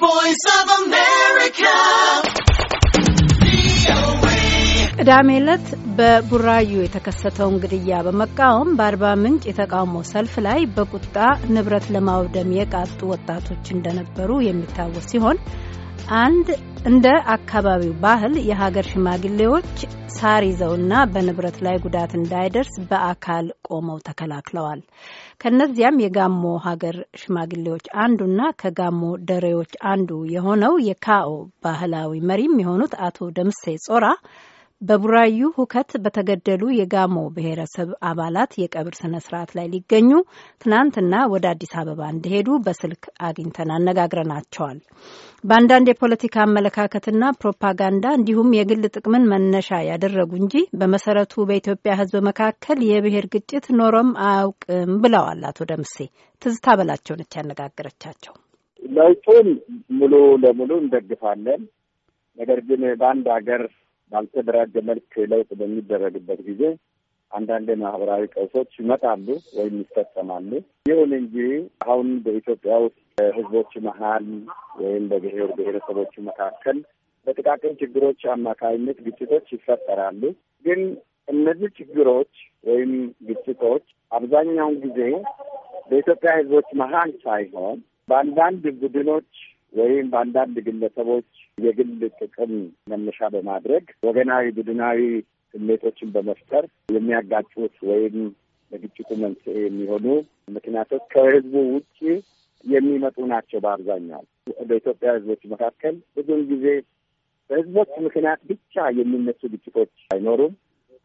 Voice of America. ቅዳሜ ዕለት በቡራዩ የተከሰተውን ግድያ በመቃወም በአርባ ምንጭ የተቃውሞ ሰልፍ ላይ በቁጣ ንብረት ለማውደም የቃጡ ወጣቶች እንደነበሩ የሚታወስ ሲሆን አንድ እንደ አካባቢው ባህል የሀገር ሽማግሌዎች ሳር ይዘውና በንብረት ላይ ጉዳት እንዳይደርስ በአካል ቆመው ተከላክለዋል። ከነዚያም የጋሞ ሀገር ሽማግሌዎች አንዱና ከጋሞ ደሬዎች አንዱ የሆነው የካኦ ባህላዊ መሪም የሆኑት አቶ ደምሴ ጾራ በቡራዩ ሁከት በተገደሉ የጋሞ ብሔረሰብ አባላት የቀብር ስነ ስርዓት ላይ ሊገኙ ትናንትና ወደ አዲስ አበባ እንደሄዱ በስልክ አግኝተን አነጋግረናቸዋል። በአንዳንድ የፖለቲካ አመለካከትና ፕሮፓጋንዳ እንዲሁም የግል ጥቅምን መነሻ ያደረጉ እንጂ በመሰረቱ በኢትዮጵያ ሕዝብ መካከል የብሔር ግጭት ኖሮም አያውቅም ብለዋል አቶ ደምሴ። ትዝታ በላቸው ነች ያነጋገረቻቸው። ለውጡን ሙሉ ለሙሉ እንደግፋለን። ነገር ግን በአንድ ሀገር ባልተደራጀ መልክ ለውጥ በሚደረግበት ጊዜ አንዳንድ ማህበራዊ ቀውሶች ይመጣሉ ወይም ይፈጸማሉ። ይሁን እንጂ አሁን በኢትዮጵያ ውስጥ ህዝቦች መሀል ወይም በብሔር ብሔረሰቦች መካከል በጥቃቅን ችግሮች አማካኝነት ግጭቶች ይፈጠራሉ። ግን እነዚህ ችግሮች ወይም ግጭቶች አብዛኛውን ጊዜ በኢትዮጵያ ህዝቦች መሀል ሳይሆን በአንዳንድ ቡድኖች ወይም በአንዳንድ ግለሰቦች የግል ጥቅም መነሻ በማድረግ ወገናዊ፣ ቡድናዊ ስሜቶችን በመፍጠር የሚያጋጩት ወይም ለግጭቱ መንስኤ የሚሆኑ ምክንያቶች ከህዝቡ ውጭ የሚመጡ ናቸው። በአብዛኛው በኢትዮጵያ ህዝቦች መካከል ብዙውን ጊዜ በህዝቦች ምክንያት ብቻ የሚነሱ ግጭቶች አይኖሩም።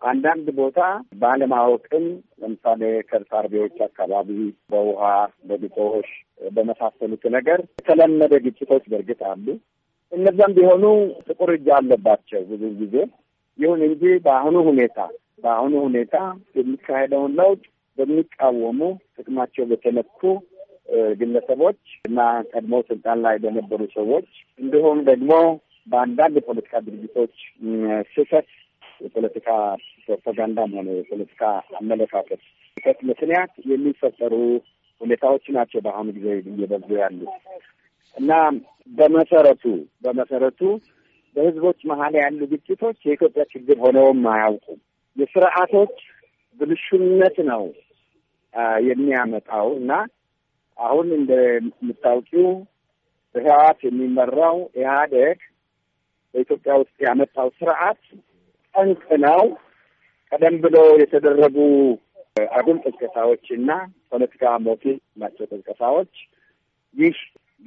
አንዳንድ ቦታ ባለማወቅም ለምሳሌ ከብት አርቢዎች አካባቢ በውሃ በግጦሽ በመሳሰሉት ነገር የተለመደ ግጭቶች በእርግጥ አሉ። እነዚያም ቢሆኑ ጥቁር እጅ አለባቸው ብዙ ጊዜ። ይሁን እንጂ በአሁኑ ሁኔታ በአሁኑ ሁኔታ የሚካሄደውን ለውጥ በሚቃወሙ ጥቅማቸው በተነኩ ግለሰቦች እና ቀድሞ ስልጣን ላይ በነበሩ ሰዎች እንዲሁም ደግሞ በአንዳንድ የፖለቲካ ድርጅቶች ስህተት የፖለቲካ ፕሮፓጋንዳም ሆነ የፖለቲካ አመለካከት ት ምክንያት የሚፈጠሩ ሁኔታዎች ናቸው በአሁኑ ጊዜ እየበዙ ያሉ እና በመሰረቱ በመሰረቱ በህዝቦች መሀል ያሉ ግጭቶች የኢትዮጵያ ችግር ሆነውም አያውቁም። የስርዓቶች ብልሹነት ነው የሚያመጣው እና አሁን እንደምታውቂው በህወሓት የሚመራው ኢህአዴግ በኢትዮጵያ ውስጥ ያመጣው ስርዓት ጠንቅነው ቀደም ብሎ የተደረጉ አጉል ቅስቀሳዎች እና ፖለቲካ ሞቲ ናቸው ቅስቀሳዎች። ይህ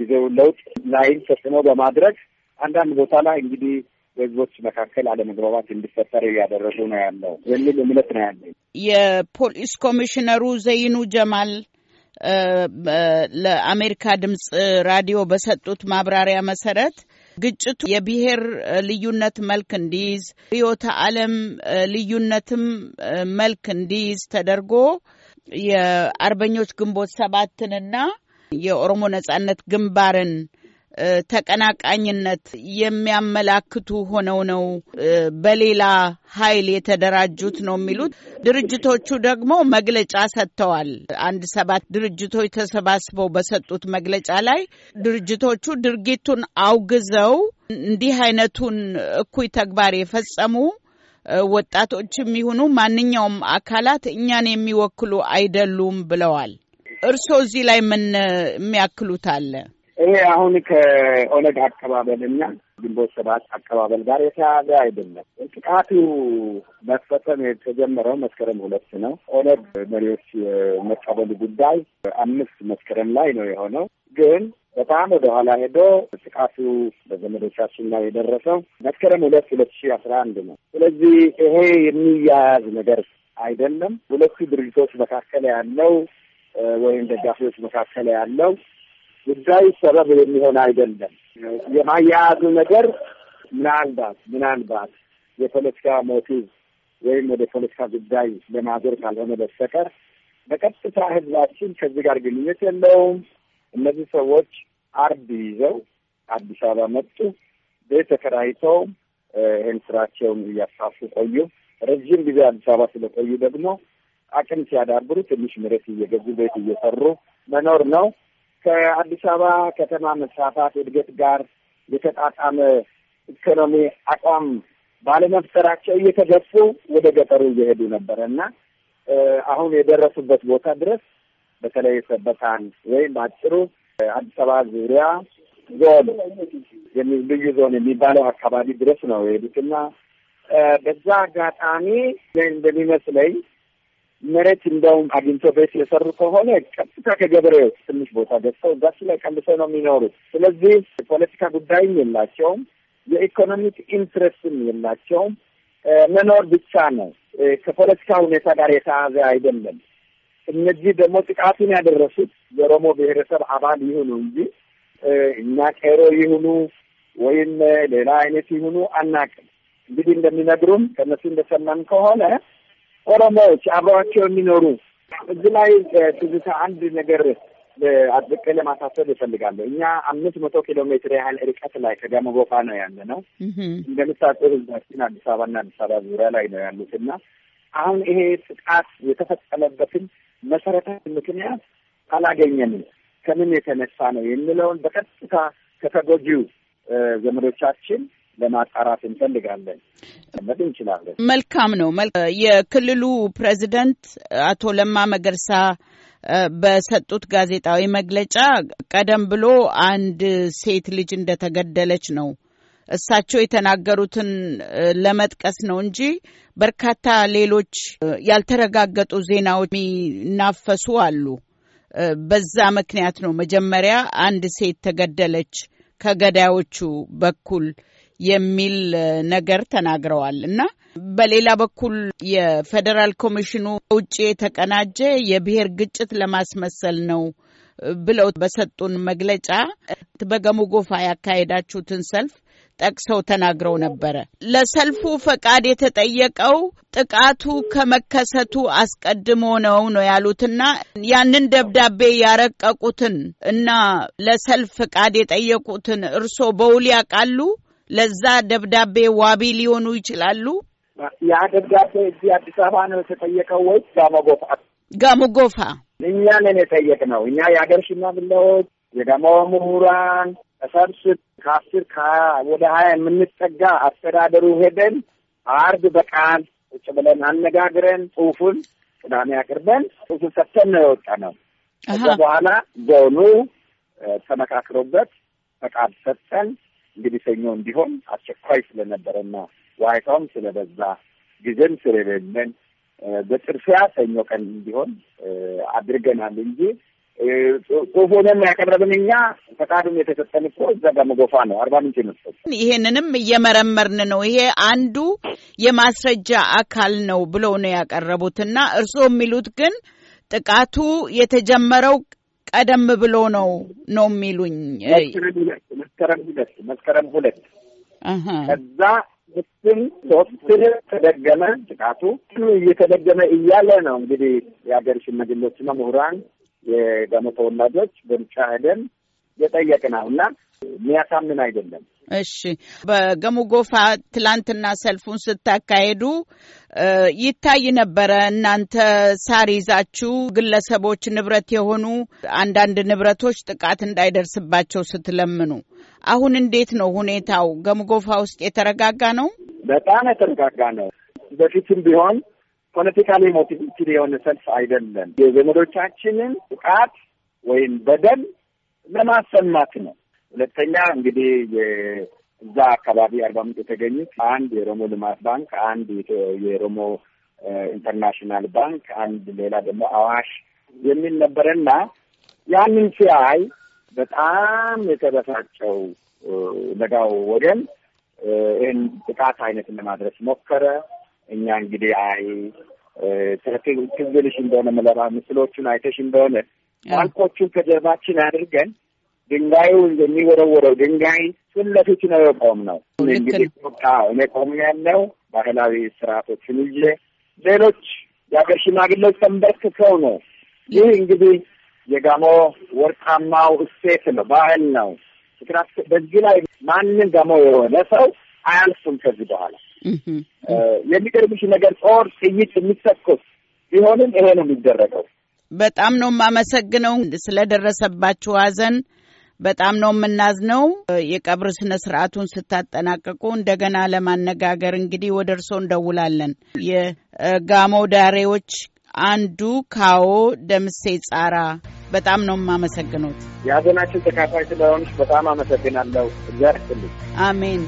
ጊዜው ለውጥ ላይን ተጽዕኖ በማድረግ አንዳንድ ቦታ ላይ እንግዲህ በህዝቦች መካከል አለመግባባት እንዲፈጠር እያደረጉ ነው ያለው የሚል እምነት ነው ያለኝ። የፖሊስ ኮሚሽነሩ ዘይኑ ጀማል ለአሜሪካ ድምፅ ራዲዮ በሰጡት ማብራሪያ መሰረት ግጭቱ የብሔር ልዩነት መልክ እንዲይዝ ርዕዮተ ዓለም ልዩነትም መልክ እንዲይዝ ተደርጎ የአርበኞች ግንቦት ሰባትንና የኦሮሞ ነጻነት ግንባርን ተቀናቃኝነት የሚያመላክቱ ሆነው ነው በሌላ ኃይል የተደራጁት ነው የሚሉት። ድርጅቶቹ ደግሞ መግለጫ ሰጥተዋል። አንድ ሰባት ድርጅቶች ተሰባስበው በሰጡት መግለጫ ላይ ድርጅቶቹ ድርጊቱን አውግዘው እንዲህ አይነቱን እኩይ ተግባር የፈጸሙ ወጣቶች የሚሆኑ ማንኛውም አካላት እኛን የሚወክሉ አይደሉም ብለዋል። እርስዎ እዚህ ላይ ምን የሚያክሉት አለ? ይሄ አሁን ከኦነግ አቀባበልና ግንቦት ሰባት አቀባበል ጋር የተያዘ አይደለም። ጥቃቱ መፈጸም የተጀመረው መስከረም ሁለት ነው። ኦነግ መሪዎች የመቀበሉ ጉዳይ አምስት መስከረም ላይ ነው የሆነው ግን በጣም ወደኋላ ሄዶ ጥቃቱ በዘመዶቻችን ላይ የደረሰው መስከረም ሁለት ሁለት ሺህ አስራ አንድ ነው። ስለዚህ ይሄ የሚያያዝ ነገር አይደለም። ሁለቱ ድርጅቶች መካከል ያለው ወይም ደጋፊዎች መካከል ያለው ጉዳይ ሰበብ የሚሆን አይደለም። የማያያዙ ነገር ምናልባት ምናልባት የፖለቲካ ሞቲቭ ወይም ወደ ፖለቲካ ጉዳይ ለማዞር ካልሆነ በስተቀር በቀጥታ ህዝባችን ከዚህ ጋር ግንኙነት የለውም። እነዚህ ሰዎች አርብ ይዘው አዲስ አበባ መጡ። ቤት ተከራይተው ይህን ስራቸውን እያስፋፉ ቆዩ። ረዥም ጊዜ አዲስ አበባ ስለቆዩ ደግሞ አቅም ሲያዳብሩ ትንሽ መሬት እየገዙ ቤት እየሰሩ መኖር ነው። ከአዲስ አበባ ከተማ መስፋፋት እድገት ጋር የተጣጣመ ኢኮኖሚ አቋም ባለመፍጠራቸው እየተገፉ ወደ ገጠሩ እየሄዱ ነበረ እና አሁን የደረሱበት ቦታ ድረስ በተለይ ሰበታን ወይም በአጭሩ አዲስ አበባ ዙሪያ ዞን ልዩ ዞን የሚባለው አካባቢ ድረስ ነው የሄዱትና በዛ አጋጣሚ እንደሚመስለኝ መሬት እንደውም አግኝቶ ቤት የሰሩ ከሆነ ቀጥታ ከገበሬው ትንሽ ቦታ ገዝተው እዛሱ ላይ ቀንሰው ነው የሚኖሩት። ስለዚህ የፖለቲካ ጉዳይም የላቸውም፣ የኢኮኖሚክ ኢንትረስትም የላቸውም። መኖር ብቻ ነው። ከፖለቲካ ሁኔታ ጋር የተያዘ አይደለም። እነዚህ ደግሞ ጥቃቱን ያደረሱት የኦሮሞ ብሔረሰብ አባል ይሁኑ እንጂ እኛ ቄሮ ይሁኑ ወይም ሌላ አይነት ይሁኑ አናቅም። እንግዲህ እንደሚነግሩም ከእነሱ እንደሰማን ከሆነ ኦሮሞዎች አብረዋቸው የሚኖሩ እዚህ ላይ ትዝታ አንድ ነገር አጥብቄ ለማሳሰብ እፈልጋለሁ። እኛ አምስት መቶ ኪሎ ሜትር ያህል ርቀት ላይ ከጋሞ ጎፋ ነው ያለ ነው። እንደምታውቁ ህዝባችን አዲስ አበባና አዲስ አበባ ዙሪያ ላይ ነው ያሉት እና አሁን ይሄ ጥቃት የተፈጸመበትን መሰረታዊ ምክንያት አላገኘንም ከምን የተነሳ ነው የሚለውን በቀጥታ ከተጎጂው ዘመዶቻችን ለማጣራት እንፈልጋለን መጥ እንችላለን። መልካም ነው። የክልሉ ፕሬዚደንት አቶ ለማ መገርሳ በሰጡት ጋዜጣዊ መግለጫ ቀደም ብሎ አንድ ሴት ልጅ እንደተገደለች ነው እሳቸው የተናገሩትን ለመጥቀስ ነው እንጂ በርካታ ሌሎች ያልተረጋገጡ ዜናዎች የሚናፈሱ አሉ። በዛ ምክንያት ነው መጀመሪያ አንድ ሴት ተገደለች ከገዳዮቹ በኩል የሚል ነገር ተናግረዋል እና በሌላ በኩል የፌዴራል ኮሚሽኑ ውጭ የተቀናጀ የብሔር ግጭት ለማስመሰል ነው ብለው በሰጡን መግለጫ በገሙ ጎፋ ያካሄዳችሁትን ሰልፍ ጠቅሰው ተናግረው ነበረ። ለሰልፉ ፈቃድ የተጠየቀው ጥቃቱ ከመከሰቱ አስቀድሞ ነው ነው ያሉትና ያንን ደብዳቤ ያረቀቁትን እና ለሰልፍ ፈቃድ የጠየቁትን እርሶ በውል ያውቃሉ? ለዛ ደብዳቤ ዋቢ ሊሆኑ ይችላሉ። ያ ደብዳቤ እዚህ አዲስ አበባ ነው የተጠየቀው ወይስ ጋሞጎፋ? ጋሞጎፋ እኛ ነን የጠየቅነው። እኛ የሀገር ሽማግሌዎች፣ የጋሞ ምሁራን ተሰብስብ ከአስር ወደ ሀያ የምንጠጋ አስተዳደሩ ሄደን አርብ በቃል ቁጭ ብለን አነጋግረን ጽሁፉን ቅዳሜ አቅርበን ጽሁፉን ሰጥተን ነው የወጣ ነው። ከዛ በኋላ ዞኑ ተመካክሮበት ፈቃድ ሰጠን። እንግዲህ ሰኞ እንዲሆን አስቸኳይ ስለነበረና ዋይታውም ስለበዛ ጊዜም ስለሌለን በጥርፊያ ሰኞ ቀን እንዲሆን አድርገናል እንጂ ጽሁፉንም ያቀረብን እኛ ፈቃዱም የተሰጠን እኮ እዛ ጋር መጎፋ ነው። አርባ ምንጭ የመስጠት ይሄንንም እየመረመርን ነው። ይሄ አንዱ የማስረጃ አካል ነው ብለው ነው ያቀረቡት። ያቀረቡትና እርስዎ የሚሉት ግን ጥቃቱ የተጀመረው ቀደም ብሎ ነው ነው የሚሉኝ መስከረም ሁለት መስከረም ሁለት ከዛ ስም ሶስት ተደገመ ጥቃቱ እየተደገመ እያለ ነው እንግዲህ የሀገር ሽማግሌዎችና ምሁራን የጋሞ ተወላጆች በሩጫ ሄደን ነው እና የሚያሳምን አይደለም። እሺ፣ በገሙ ጎፋ ትላንትና ሰልፉን ስታካሄዱ ይታይ ነበረ። እናንተ ሳር ይዛችሁ ግለሰቦች ንብረት የሆኑ አንዳንድ ንብረቶች ጥቃት እንዳይደርስባቸው ስትለምኑ፣ አሁን እንዴት ነው ሁኔታው? ገሙ ጎፋ ውስጥ የተረጋጋ ነው? በጣም የተረጋጋ ነው። በፊትም ቢሆን ፖለቲካሊ ሞቲቬትድ የሆነ ሰልፍ አይደለም። የዘመዶቻችንን ጥቃት ወይም በደል ለማሰማት ነው ሁለተኛ እንግዲህ እዛ አካባቢ አርባ ምንጭ የተገኙት አንድ የኦሮሞ ልማት ባንክ፣ አንድ የኦሮሞ ኢንተርናሽናል ባንክ፣ አንድ ሌላ ደግሞ አዋሽ የሚል ነበረና ያንን ሲያይ በጣም የተበሳጨው ለጋው ወገን ይህን ጥቃት አይነትን ለማድረስ ሞከረ። እኛ እንግዲህ አይ ትግልሽ እንደሆነ ምስሎቹን አይተሽ እንደሆነ ባንኮቹን ከጀርባችን አድርገን ድንጋዩ እንደሚወረወረው ድንጋይ ፊት ለፊት ነው የቆም ነው እንግዲህ እኔ ቆም ያለው ባህላዊ ስርዓቶችን ይዤ ሌሎች የሀገር ሽማግሌዎች ተንበርክከው ነው። ይህ እንግዲህ የጋሞ ወርቃማው እሴት ነው፣ ባህል ነው። ምክንያቱ በዚህ ላይ ማንም ጋሞ የሆነ ሰው አያልፍም። ከዚህ በኋላ የሚገርምሽ ነገር ጦር ጥይት የሚተኮስ ቢሆንም ይሄ ነው የሚደረገው። በጣም ነው የማመሰግነው ስለደረሰባችሁ ሐዘን። በጣም ነው የምናዝነው። የቀብር ስነ ስርዓቱን ስታጠናቀቁ እንደገና ለማነጋገር እንግዲህ ወደ እርስዎ እንደውላለን። የጋሞ ዳሬዎች አንዱ ካዎ ደምሴ ጻራ በጣም ነው የማመሰግኖት። የሀዘናችን ተካፋይ ስለሆንሽ በጣም አመሰግናለሁ። እግዚአብሔር ይስጥልኝ። አሜን።